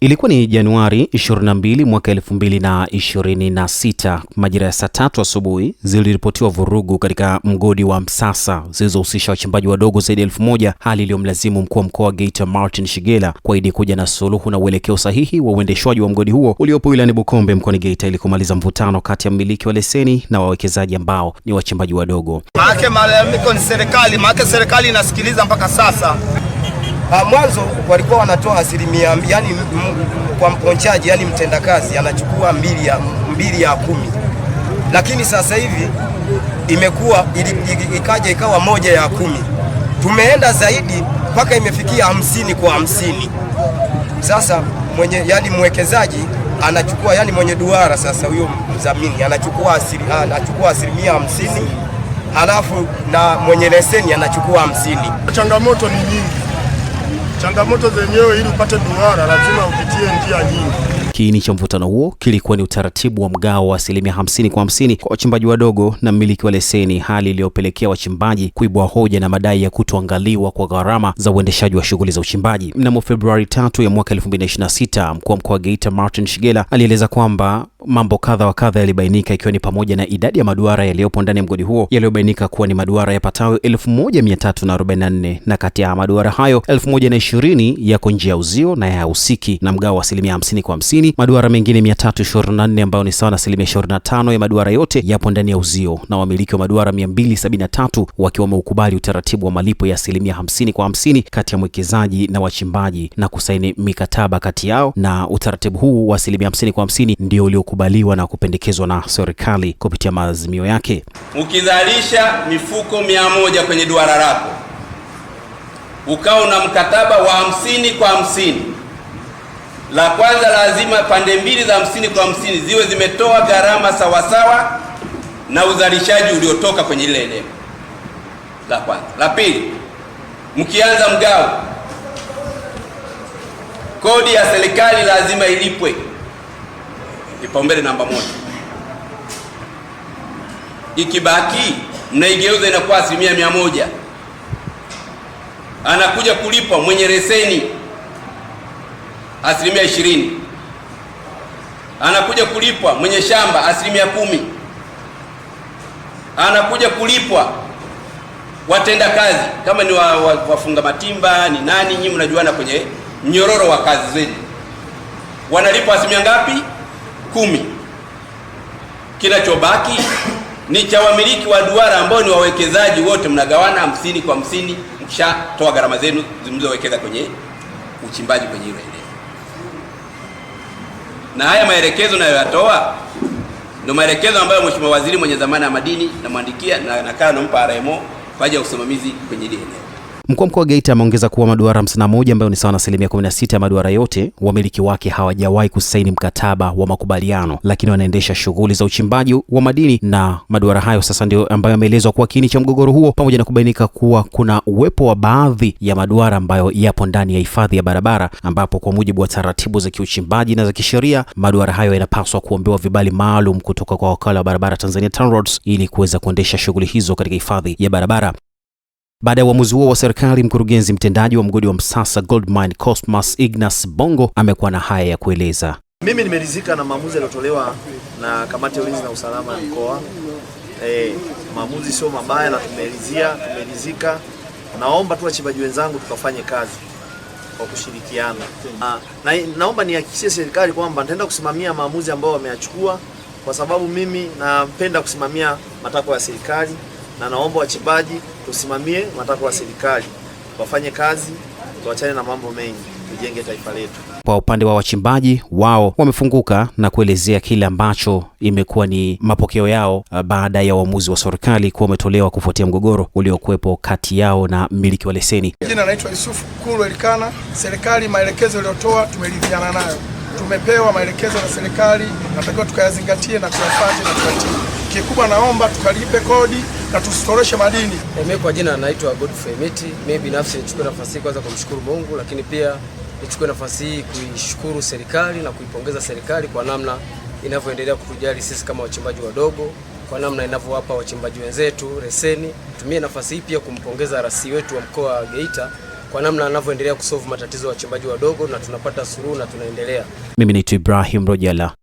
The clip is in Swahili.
Ilikuwa ni Januari 22 mwaka 2026, majira ya saa tatu asubuhi ziliripotiwa vurugu katika mgodi wa Msasa zilizohusisha wachimbaji wadogo zaidi ya elfu moja, hali iliyomlazimu mkuu wa mkoa wa Geita Martin Shigela kuahidi kuja na suluhu na uelekeo sahihi wa uendeshwaji wa mgodi huo uliopo wilayani Bukombe mkoani Geita ili kumaliza mvutano kati ya mmiliki wa leseni na wawekezaji ambao ni wachimbaji wadogo. Maake malalamiko ni serikali, maake serikali inasikiliza mpaka sasa Ah, mwanzo walikuwa wanatoa asilimia yani, kwa mponchaji yani mtendakazi anachukua mbili ya, mbili ya kumi, lakini sasa hivi imekuwa ikaja ikawa moja ya kumi, tumeenda zaidi mpaka imefikia hamsini kwa hamsini. Sasa mwenye yani mwekezaji anachukua yani mwenye duara sasa, huyo mdhamini anachukua asili, anachukua asilimia hamsini, halafu na mwenye leseni anachukua hamsini. Changamoto ni nyingi Changamoto zenyewe ili upate duara lazima upitie njia nyingi. Kiini cha mvutano huo kilikuwa ni utaratibu wa mgao wa asilimia hamsini kwa hamsini kwa wachimbaji wadogo na mmiliki wa leseni, hali iliyopelekea wachimbaji kuibua hoja na madai ya kutoangaliwa kwa gharama za uendeshaji wa shughuli za uchimbaji. Mnamo Februari tatu ya mwaka 2026, mkuu wa mkoa wa Geita Martin Shigela alieleza kwamba mambo kadha wa kadha yalibainika, ikiwa ni pamoja na idadi ya maduara yaliyopo ndani ya mgodi huo yaliyobainika kuwa ni maduara yapatayo 1344 na kati ya maduara hayo 1020 yako nje ya uzio na yahusiki na mgao wa asilimia 50 kwa 50. Maduara mengine 324 ambayo ni sawa na asilimia 25 ya maduara yote yapo ndani ya uzio na wamiliki wa maduara 273 wakiwa wameukubali utaratibu wa malipo ya asilimia 50 kwa 50 kati ya mwekezaji na wachimbaji na kusaini mikataba kati yao, na utaratibu huu wa asilimia 50 kwa 50 ndio uliokubalika kukubaliwa na kupendekezwa na serikali kupitia maazimio yake. Ukizalisha mifuko mia moja kwenye duara lako ukawa na mkataba wa hamsini kwa hamsini, la kwanza lazima pande mbili za hamsini kwa hamsini ziwe zimetoa gharama sawasawa na uzalishaji uliotoka kwenye ile eneo la kwanza. La pili, mkianza mgao, kodi ya serikali lazima ilipwe kipaumbele namba moja. Ikibaki mnaigeuza inakuwa asilimia mia moja, anakuja kulipa mwenye leseni asilimia ishirini, anakuja kulipwa mwenye shamba asilimia kumi, anakuja kulipwa watenda kazi kama ni wafunga wa, wa matimba ni nani, nyinyi mnajuana kwenye mnyororo wa kazi zenu, wanalipwa asilimia ngapi? kumi. Kinachobaki ni cha wamiliki wa duara ambao ni wawekezaji wote, mnagawana hamsini kwa hamsini mkishatoa gharama zenu zilizowekeza kwenye uchimbaji kwenye hilo eneo. Na haya maelekezo nayoyatoa ndio maelekezo ambayo Mheshimiwa Waziri mwenye dhamana ya madini namwandikia na nakaa nampa RMO kwa ajili ya usimamizi kwenye hili eneo. Mkuu wa mkoa wa Geita ameongeza kuwa maduara 51 ambayo ni sawa na asilimia 16 ya maduara yote, wamiliki wake hawajawahi kusaini mkataba wa makubaliano, lakini wanaendesha shughuli za uchimbaji wa madini, na maduara hayo sasa ndio ambayo yameelezwa kuwa kiini cha mgogoro huo, pamoja na kubainika kuwa kuna uwepo wa baadhi ya maduara ambayo yapo ndani ya hifadhi ya barabara, ambapo kwa mujibu wa taratibu za kiuchimbaji na za kisheria, maduara hayo yanapaswa kuombewa vibali maalum kutoka kwa wakala wa barabara Tanzania TANROADS ili kuweza kuendesha shughuli hizo katika hifadhi ya barabara. Baada ya uamuzi huo wa serikali, mkurugenzi mtendaji wa mgodi wa Msasa Goldmine Cosmas Ignas Bongo amekuwa na haya ya kueleza. Mimi nimeridhika na maamuzi yaliyotolewa na kamati ya ulinzi na usalama ya mkoa. E, maamuzi sio mabaya na tumeridhia, tumeridhika. Naomba tu wachimbaji wenzangu tukafanye kazi kwa kushirikiana na, na, naomba nihakikishie serikali kwamba nitaenda kusimamia maamuzi ambayo wameyachukua, kwa sababu mimi napenda kusimamia matakwa ya serikali na naomba wachimbaji tusimamie matakwa ya serikali, wafanye kazi, tuachane na mambo mengi, tujenge taifa letu. Kwa upande wa wachimbaji, wao wamefunguka na kuelezea kile ambacho imekuwa ni mapokeo yao uh, baada ya uamuzi wa serikali kuwa umetolewa kufuatia mgogoro uliokuwepo kati yao na mmiliki wa leseni. Jina naitwa Yusufu Kulu Elikana. Serikali maelekezo iliyotoa tumeridhiana nayo, tumepewa maelekezo na serikali, natakiwa tukayazingatie na tuyafate na tuyatii. Kikubwa naomba tukalipe kodi na tusitoreshe madini. Eh, mimi kwa jina naitwa Godfrey Miti. Mimi binafsi nichukue nafasi hii kwanza kumshukuru Mungu, lakini pia nichukue nafasi hii kuishukuru serikali na kuipongeza serikali kwa namna inavyoendelea kutujali sisi kama wachimbaji wadogo, kwa namna inavyowapa wachimbaji wenzetu leseni. Tumie nafasi hii pia kumpongeza rasi wetu wa mkoa wa Geita kwa namna anavyoendelea kusolve matatizo ya wachimbaji wadogo na tunapata suluhu na tunaendelea. Mimi ni Ibrahim Rojala